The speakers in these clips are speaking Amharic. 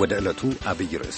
ወደ ዕለቱ አብይ ርዕስ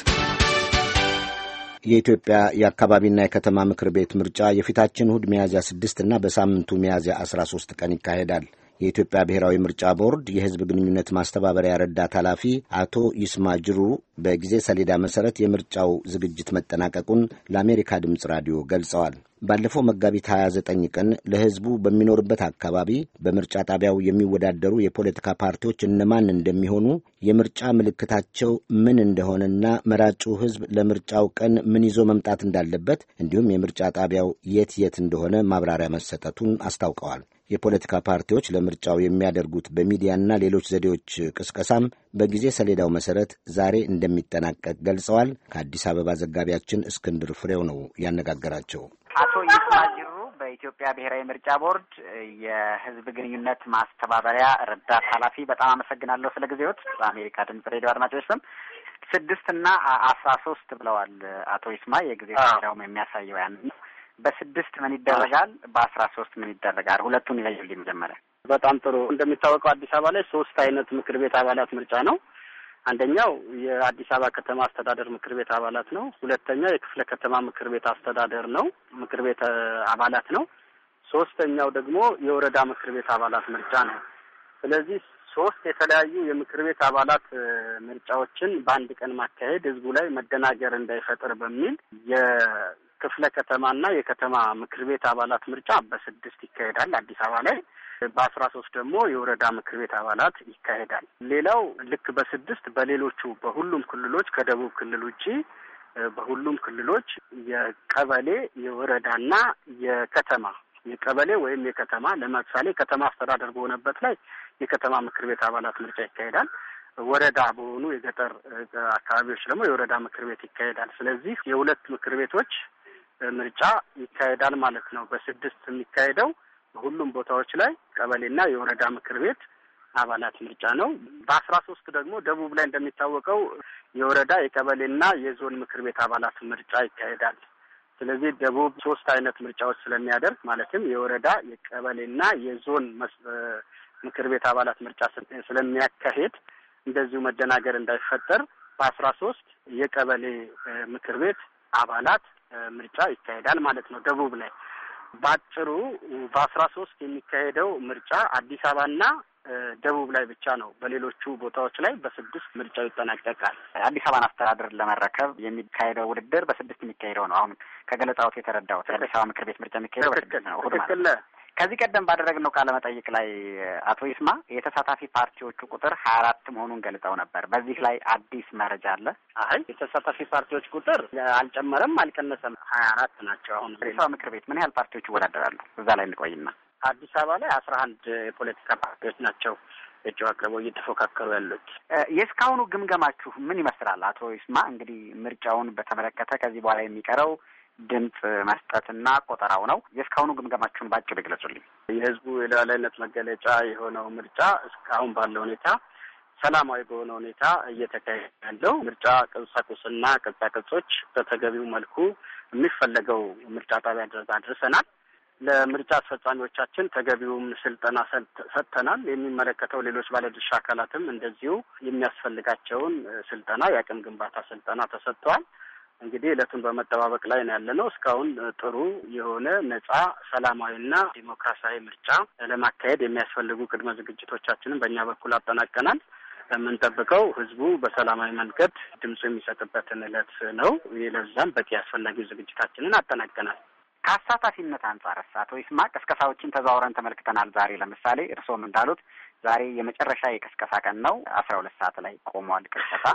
የኢትዮጵያ የአካባቢና የከተማ ምክር ቤት ምርጫ የፊታችን እሁድ ሚያዝያ 6 እና በሳምንቱ ሚያዝያ 13 ቀን ይካሄዳል። የኢትዮጵያ ብሔራዊ ምርጫ ቦርድ የሕዝብ ግንኙነት ማስተባበሪያ ረዳት ኃላፊ አቶ ይስማ ጅሩ በጊዜ ሰሌዳ መሠረት የምርጫው ዝግጅት መጠናቀቁን ለአሜሪካ ድምፅ ራዲዮ ገልጸዋል። ባለፈው መጋቢት 29 ቀን ለሕዝቡ በሚኖርበት አካባቢ በምርጫ ጣቢያው የሚወዳደሩ የፖለቲካ ፓርቲዎች እነማን እንደሚሆኑ የምርጫ ምልክታቸው ምን እንደሆነና መራጩ ሕዝብ ለምርጫው ቀን ምን ይዞ መምጣት እንዳለበት እንዲሁም የምርጫ ጣቢያው የት የት እንደሆነ ማብራሪያ መሰጠቱን አስታውቀዋል። የፖለቲካ ፓርቲዎች ለምርጫው የሚያደርጉት በሚዲያና ሌሎች ዘዴዎች ቅስቀሳም በጊዜ ሰሌዳው መሰረት ዛሬ እንደሚጠናቀቅ ገልጸዋል። ከአዲስ አበባ ዘጋቢያችን እስክንድር ፍሬው ነው ያነጋገራቸው። አቶ ይስማ ጅሩ በኢትዮጵያ ብሔራዊ ምርጫ ቦርድ የህዝብ ግንኙነት ማስተባበሪያ ረዳት ኃላፊ፣ በጣም አመሰግናለሁ ስለ ጊዜዎት። በአሜሪካ ድምጽ ሬዲዮ አድማጮች ስም ስድስት እና አስራ ሶስት ብለዋል አቶ ይስማ። የጊዜ ሰሌዳውም የሚያሳየው ያን ነው። በስድስት ምን ይደረጋል? በአስራ ሶስት ምን ይደረጋል? ሁለቱን ይለዩልኝ መጀመሪያ። በጣም ጥሩ። እንደሚታወቀው አዲስ አበባ ላይ ሶስት አይነት ምክር ቤት አባላት ምርጫ ነው። አንደኛው የአዲስ አበባ ከተማ አስተዳደር ምክር ቤት አባላት ነው። ሁለተኛው የክፍለ ከተማ ምክር ቤት አስተዳደር ነው ምክር ቤት አባላት ነው። ሶስተኛው ደግሞ የወረዳ ምክር ቤት አባላት ምርጫ ነው። ስለዚህ ሶስት የተለያዩ የምክር ቤት አባላት ምርጫዎችን በአንድ ቀን ማካሄድ ህዝቡ ላይ መደናገር እንዳይፈጥር በሚል የክፍለ ከተማና የከተማ ምክር ቤት አባላት ምርጫ በስድስት ይካሄዳል አዲስ አበባ ላይ። በአስራ ሶስት ደግሞ የወረዳ ምክር ቤት አባላት ይካሄዳል። ሌላው ልክ በስድስት በሌሎቹ በሁሉም ክልሎች ከደቡብ ክልል ውጪ በሁሉም ክልሎች የቀበሌ የወረዳና የከተማ የቀበሌ ወይም የከተማ ለምሳሌ ከተማ አስተዳደር በሆነበት ላይ የከተማ ምክር ቤት አባላት ምርጫ ይካሄዳል። ወረዳ በሆኑ የገጠር አካባቢዎች ደግሞ የወረዳ ምክር ቤት ይካሄዳል። ስለዚህ የሁለት ምክር ቤቶች ምርጫ ይካሄዳል ማለት ነው። በስድስት የሚካሄደው ሁሉም ቦታዎች ላይ ቀበሌና የወረዳ ምክር ቤት አባላት ምርጫ ነው። በአስራ ሶስት ደግሞ ደቡብ ላይ እንደሚታወቀው የወረዳ የቀበሌና የዞን ምክር ቤት አባላት ምርጫ ይካሄዳል። ስለዚህ ደቡብ ሶስት አይነት ምርጫዎች ስለሚያደርግ ማለትም የወረዳ የቀበሌና የዞን ምክር ቤት አባላት ምርጫ ስለሚያካሄድ እንደዚሁ መደናገር እንዳይፈጠር በአስራ ሶስት የቀበሌ ምክር ቤት አባላት ምርጫ ይካሄዳል ማለት ነው ደቡብ ላይ። ባጭሩ በአስራ ሶስት የሚካሄደው ምርጫ አዲስ አበባና ደቡብ ላይ ብቻ ነው። በሌሎቹ ቦታዎች ላይ በስድስት ምርጫው ይጠናቀቃል። አዲስ አበባን አስተዳደር ለመረከብ የሚካሄደው ውድድር በስድስት የሚካሄደው ነው። አሁን ከገለጻዎት የተረዳሁት የአዲስ አበባ ምክር ቤት ምርጫ የሚካሄደው ነው። ትክክል ከዚህ ቀደም ባደረግነው ቃለመጠይቅ ላይ አቶ ይስማ የተሳታፊ ፓርቲዎቹ ቁጥር ሀያ አራት መሆኑን ገልጠው ነበር። በዚህ ላይ አዲስ መረጃ አለ? አይ የተሳታፊ ፓርቲዎች ቁጥር አልጨመረም፣ አልቀነሰም፣ ሀያ አራት ናቸው። አሁን ሬሳ ምክር ቤት ምን ያህል ፓርቲዎች ይወዳደራሉ? እዛ ላይ እንቆይና አዲስ አበባ ላይ አስራ አንድ የፖለቲካ ፓርቲዎች ናቸው እጩ አቅርበው እየተፎካከሩ ያሉት። የእስካሁኑ ግምገማችሁ ምን ይመስላል? አቶ ይስማ እንግዲህ ምርጫውን በተመለከተ ከዚህ በኋላ የሚቀረው ድምፅ መስጠትና ቆጠራው ነው። የእስካሁኑ ግምገማችሁን በአጭር ይግለጹልኝ። የህዝቡ የሉዓላዊነት መገለጫ የሆነው ምርጫ እስካሁን ባለው ሁኔታ ሰላማዊ በሆነ ሁኔታ እየተካሄደ ያለው ምርጫ ቁሳቁስና ቅርጻቅርጾች በተገቢው መልኩ የሚፈለገው ምርጫ ጣቢያ ድረስ አድርሰናል። ለምርጫ አስፈጻሚዎቻችን ተገቢውም ስልጠና ሰጥተናል። የሚመለከተው ሌሎች ባለድርሻ አካላትም እንደዚሁ የሚያስፈልጋቸውን ስልጠና የአቅም ግንባታ ስልጠና ተሰጥተዋል። እንግዲህ እለቱን በመጠባበቅ ላይ ነው ያለነው። እስካሁን ጥሩ የሆነ ነጻ ሰላማዊና ዲሞክራሲያዊ ምርጫ ለማካሄድ የሚያስፈልጉ ቅድመ ዝግጅቶቻችንን በእኛ በኩል አጠናቀናል። የምንጠብቀው ህዝቡ በሰላማዊ መንገድ ድምፁ የሚሰጥበትን እለት ነው። ለዛም በቂ አስፈላጊ ዝግጅታችንን አጠናቀናል። ከአሳታፊነት አንጻር አቶ ይስማ ቀስቀሳዎችን ተዘዋውረን ተመልክተናል። ዛሬ ለምሳሌ እርስዎም እንዳሉት ዛሬ የመጨረሻ የቀስቀሳ ቀን ነው። አስራ ሁለት ሰዓት ላይ ቆሟል ቅስቀሳ።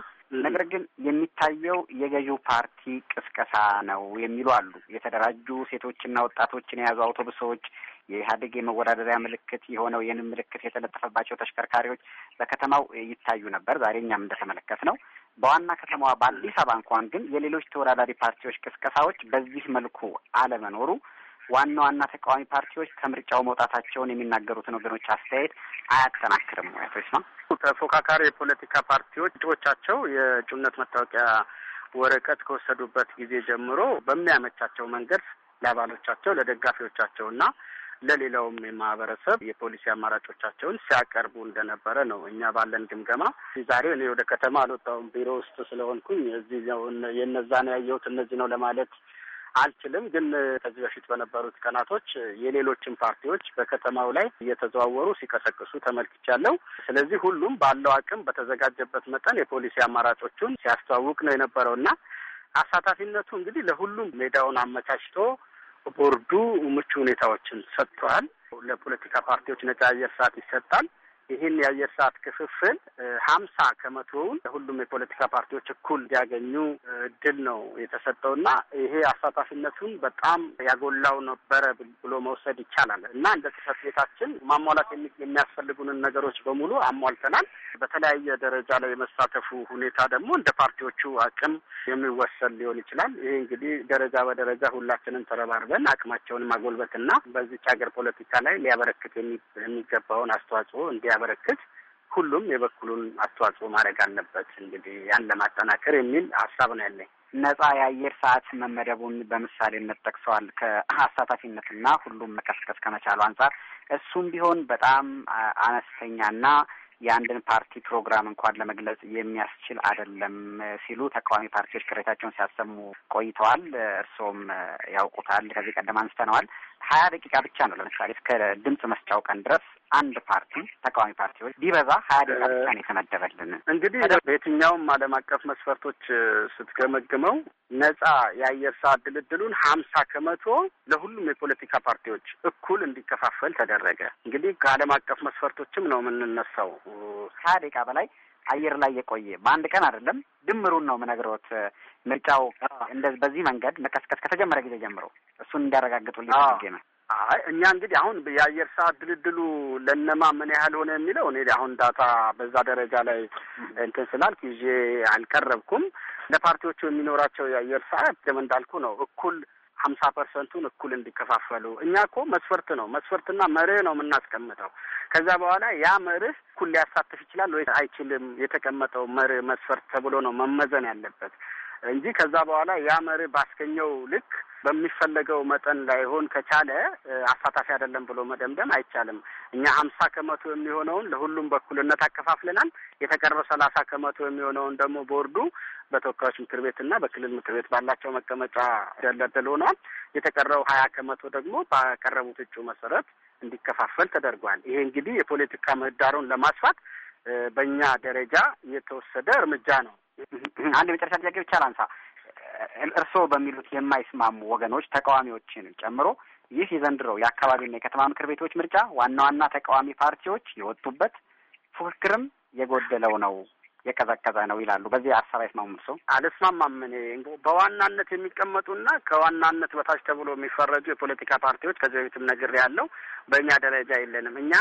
ነገር ግን የሚታየው የገዢው ፓርቲ ቅስቀሳ ነው የሚሉ አሉ። የተደራጁ ሴቶችና ወጣቶችን የያዙ አውቶቡሶች፣ የኢህአዴግ የመወዳደሪያ ምልክት የሆነው ይህን ምልክት የተለጠፈባቸው ተሽከርካሪዎች በከተማው ይታዩ ነበር። ዛሬ እኛም እንደተመለከት ነው በዋና ከተማዋ በአዲስ አበባ እንኳን ግን የሌሎች ተወዳዳሪ ፓርቲዎች ቅስቀሳዎች በዚህ መልኩ አለመኖሩ ዋና ዋና ተቃዋሚ ፓርቲዎች ከምርጫው መውጣታቸውን የሚናገሩትን ወገኖች አስተያየት አያጠናክርም ወይ? አቶ ይስማ፣ ተፎካካሪ የፖለቲካ ፓርቲዎች እጩዎቻቸው የእጩነት መታወቂያ ወረቀት ከወሰዱበት ጊዜ ጀምሮ በሚያመቻቸው መንገድ ለአባሎቻቸው ለደጋፊዎቻቸውና ለሌላውም የማህበረሰብ የፖሊሲ አማራጮቻቸውን ሲያቀርቡ እንደነበረ ነው እኛ ባለን ግምገማ። ዛሬ እኔ ወደ ከተማ አልወጣሁም ቢሮ ውስጥ ስለሆንኩኝ እዚህ የነዛን ያየሁት እነዚህ ነው ለማለት አልችልም። ግን ከዚህ በፊት በነበሩት ቀናቶች የሌሎችን ፓርቲዎች በከተማው ላይ እየተዘዋወሩ ሲቀሰቅሱ ተመልክቻለሁ። ስለዚህ ሁሉም ባለው አቅም በተዘጋጀበት መጠን የፖሊሲ አማራጮቹን ሲያስተዋውቅ ነው የነበረው እና አሳታፊነቱ እንግዲህ ለሁሉም ሜዳውን አመቻችቶ ቦርዱ ምቹ ሁኔታዎችን ሰጥተዋል። ለፖለቲካ ፓርቲዎች ነጻ አየር ሰዓት ይሰጣል። ይህን የአየር ሰዓት ክፍፍል ሀምሳ ከመቶውን ሁሉም የፖለቲካ ፓርቲዎች እኩል እንዲያገኙ እድል ነው የተሰጠው እና ይሄ አሳታፊነቱን በጣም ያጎላው ነበረ ብሎ መውሰድ ይቻላል እና እንደ ጽህፈት ቤታችን ማሟላት የሚያስፈልጉንን ነገሮች በሙሉ አሟልተናል። በተለያየ ደረጃ ላይ የመሳተፉ ሁኔታ ደግሞ እንደ ፓርቲዎቹ አቅም የሚወሰን ሊሆን ይችላል። ይህ እንግዲህ ደረጃ በደረጃ ሁላችንም ተረባርበን አቅማቸውን ማጎልበትና በዚች ሀገር ፖለቲካ ላይ ሊያበረክት የሚገባውን አስተዋጽኦ እንዲያ ሲያበረክት ሁሉም የበኩሉን አስተዋጽኦ ማድረግ አለበት። እንግዲህ ያን ለማጠናከር የሚል ሀሳብ ነው ያለኝ። ነጻ የአየር ሰዓት መመደቡን በምሳሌነት ጠቅሰዋል። ከአሳታፊነትና ሁሉም መቀስቀስ ከመቻሉ አንጻር እሱም ቢሆን በጣም አነስተኛና የአንድን ፓርቲ ፕሮግራም እንኳን ለመግለጽ የሚያስችል አይደለም ሲሉ ተቃዋሚ ፓርቲዎች ቅሬታቸውን ሲያሰሙ ቆይተዋል። እርስዎም ያውቁታል፣ ከዚህ ቀደም አንስተነዋል። ሀያ ደቂቃ ብቻ ነው ለምሳሌ እስከ ድምፅ መስጫው ቀን ድረስ አንድ ፓርቲ ተቃዋሚ ፓርቲዎች ቢበዛ ሀያ ደቂቃ ብቻ ነው የተመደበልን። እንግዲህ በየትኛውም ዓለም አቀፍ መስፈርቶች ስትገመግመው ነጻ የአየር ሰዓት ድልድሉን ሀምሳ ከመቶ ለሁሉም የፖለቲካ ፓርቲዎች እኩል እንዲከፋፈል ተደረገ። እንግዲህ ከዓለም አቀፍ መስፈርቶችም ነው የምንነሳው። ሀያ ደቂቃ በላይ አየር ላይ የቆየ በአንድ ቀን አይደለም፣ ድምሩን ነው የምነግሮት። ምርጫው በዚህ መንገድ መቀስቀስ ከተጀመረ ጊዜ ጀምሮ እሱን እንዲያረጋግጡልኝ ነው። አይ እኛ እንግዲህ አሁን የአየር ሰዓት ድልድሉ ለነማ ምን ያህል ሆነ የሚለው እኔ አሁን ዳታ በዛ ደረጃ ላይ እንትን ስላልክ ይዤ አልቀረብኩም። ለፓርቲዎቹ የሚኖራቸው የአየር ሰዓት እንዳልኩ ነው እኩል ሀምሳ ፐርሰንቱን እኩል እንዲከፋፈሉ እኛ እኮ መስፈርት ነው መስፈርትና መርህ ነው የምናስቀምጠው። ከዛ በኋላ ያ መርህ እኩል ሊያሳትፍ ይችላል ወይ አይችልም የተቀመጠው መርህ መስፈርት ተብሎ ነው መመዘን ያለበት እንጂ ከዛ በኋላ ያ መርህ ባስገኘው ልክ በሚፈለገው መጠን ላይሆን ከቻለ አሳታፊ አይደለም ብሎ መደምደም አይቻልም። እኛ ሀምሳ ከመቶ የሚሆነውን ለሁሉም በኩልነት አከፋፍለናል። የተቀረው ሰላሳ ከመቶ የሚሆነውን ደግሞ ቦርዱ በተወካዮች ምክር ቤትና በክልል ምክር ቤት ባላቸው መቀመጫ ደለደል ሆኗል። የተቀረው ሀያ ከመቶ ደግሞ ባቀረቡት እጩ መሰረት እንዲከፋፈል ተደርጓል። ይሄ እንግዲህ የፖለቲካ ምህዳሩን ለማስፋት በእኛ ደረጃ የተወሰደ እርምጃ ነው። አንድ የመጨረሻ ጥያቄ ብቻ ላንሳ። እርስዎ በሚሉት የማይስማሙ ወገኖች ተቃዋሚዎችን ጨምሮ ይህ የዘንድሮው የአካባቢና የከተማ ምክር ቤቶች ምርጫ ዋና ዋና ተቃዋሚ ፓርቲዎች የወጡበት ፉክክርም የጎደለው ነው፣ የቀዘቀዘ ነው ይላሉ። በዚህ አሳብ አይስማሙም? ሰው አልስማማም። እኔ በዋናነት የሚቀመጡና ከዋናነት በታች ተብሎ የሚፈረጁ የፖለቲካ ፓርቲዎች ከዚህ በፊትም ነግሬያለሁ፣ በእኛ ደረጃ የለንም እኛ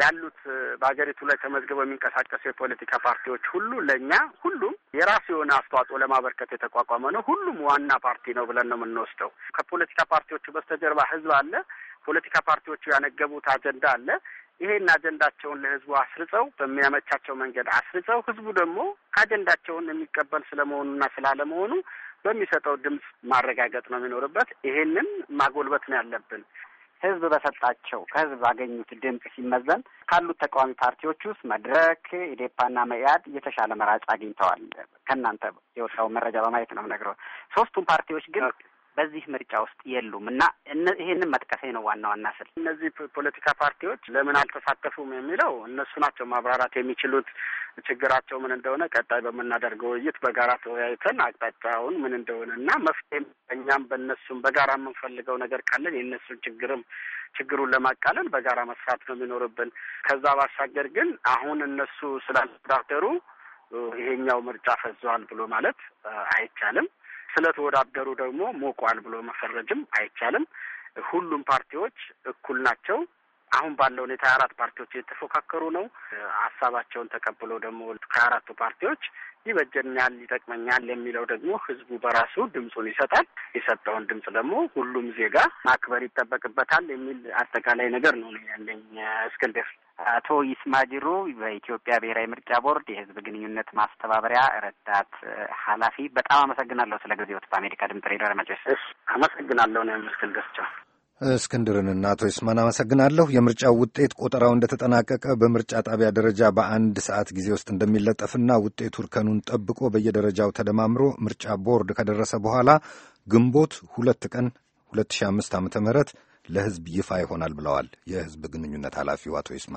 ያሉት በሀገሪቱ ላይ ተመዝግበው የሚንቀሳቀሱ የፖለቲካ ፓርቲዎች ሁሉ ለእኛ ሁሉም የራሱ የሆነ አስተዋጽኦ ለማበርከት የተቋቋመ ነው። ሁሉም ዋና ፓርቲ ነው ብለን ነው የምንወስደው። ከፖለቲካ ፓርቲዎቹ በስተጀርባ ህዝብ አለ። ፖለቲካ ፓርቲዎቹ ያነገቡት አጀንዳ አለ። ይሄን አጀንዳቸውን ለህዝቡ አስርጸው በሚያመቻቸው መንገድ አስርጸው ህዝቡ ደግሞ አጀንዳቸውን የሚቀበል ስለመሆኑና ስላለመሆኑ በሚሰጠው ድምፅ ማረጋገጥ ነው የሚኖርበት። ይሄንን ማጎልበት ነው ያለብን። ህዝብ በሰጣቸው ከህዝብ ባገኙት ድምፅ ሲመዘን ካሉት ተቃዋሚ ፓርቲዎች ውስጥ መድረክ፣ ኢዴፓና መኢአድ የተሻለ መራጭ አግኝተዋል። ከእናንተ የወጣው መረጃ በማየት ነው የምነግረው። ሶስቱም ፓርቲዎች ግን በዚህ ምርጫ ውስጥ የሉም እና ይሄንን መጥቀሴ ነው ዋና ዋና ስል እነዚህ ፖለቲካ ፓርቲዎች ለምን አልተሳተፉም የሚለው እነሱ ናቸው ማብራራት የሚችሉት። ችግራቸው ምን እንደሆነ ቀጣይ በምናደርገው ውይይት በጋራ ተወያይተን አቅጣጫውን ምን እንደሆነ እና መፍትሄም እኛም በእነሱም በጋራ የምንፈልገው ነገር ካለን የእነሱን ችግርም ችግሩን ለማቃለል በጋራ መስራት ነው የሚኖርብን። ከዛ ባሻገር ግን አሁን እነሱ ስላልተዳደሩ ይሄኛው ምርጫ ፈዘዋል ብሎ ማለት አይቻልም። ስለተወዳደሩ ደግሞ ሞቋል ብሎ መፈረጅም አይቻልም። ሁሉም ፓርቲዎች እኩል ናቸው። አሁን ባለው ሁኔታ አራት ፓርቲዎች እየተፎካከሩ ነው። ሀሳባቸውን ተቀብሎ ደግሞ ከአራቱ ፓርቲዎች ይበጀኛል፣ ይጠቅመኛል የሚለው ደግሞ ህዝቡ በራሱ ድምፁን ይሰጣል። የሰጠውን ድምፅ ደግሞ ሁሉም ዜጋ ማክበር ይጠበቅበታል የሚል አጠቃላይ ነገር ነው ያለኝ እስክንድር። አቶ ይስማጅሩ በኢትዮጵያ ብሔራዊ ምርጫ ቦርድ የህዝብ ግንኙነት ማስተባበሪያ ረዳት ኃላፊ፣ በጣም አመሰግናለሁ ስለ ጊዜዎት። በአሜሪካ ድምጽ ሬዲዮ አድማጮች አመሰግናለሁ። ምስክል ምስክልደስቸው እስክንድርንና አቶ ይስማን አመሰግናለሁ። የምርጫው ውጤት ቆጠራው እንደተጠናቀቀ በምርጫ ጣቢያ ደረጃ በአንድ ሰዓት ጊዜ ውስጥ እንደሚለጠፍና ውጤቱ እርከኑን ጠብቆ በየደረጃው ተደማምሮ ምርጫ ቦርድ ከደረሰ በኋላ ግንቦት ሁለት ቀን 2005 ዓ.ም ለህዝብ ይፋ ይሆናል ብለዋል የህዝብ ግንኙነት ኃላፊው አቶ ይስማ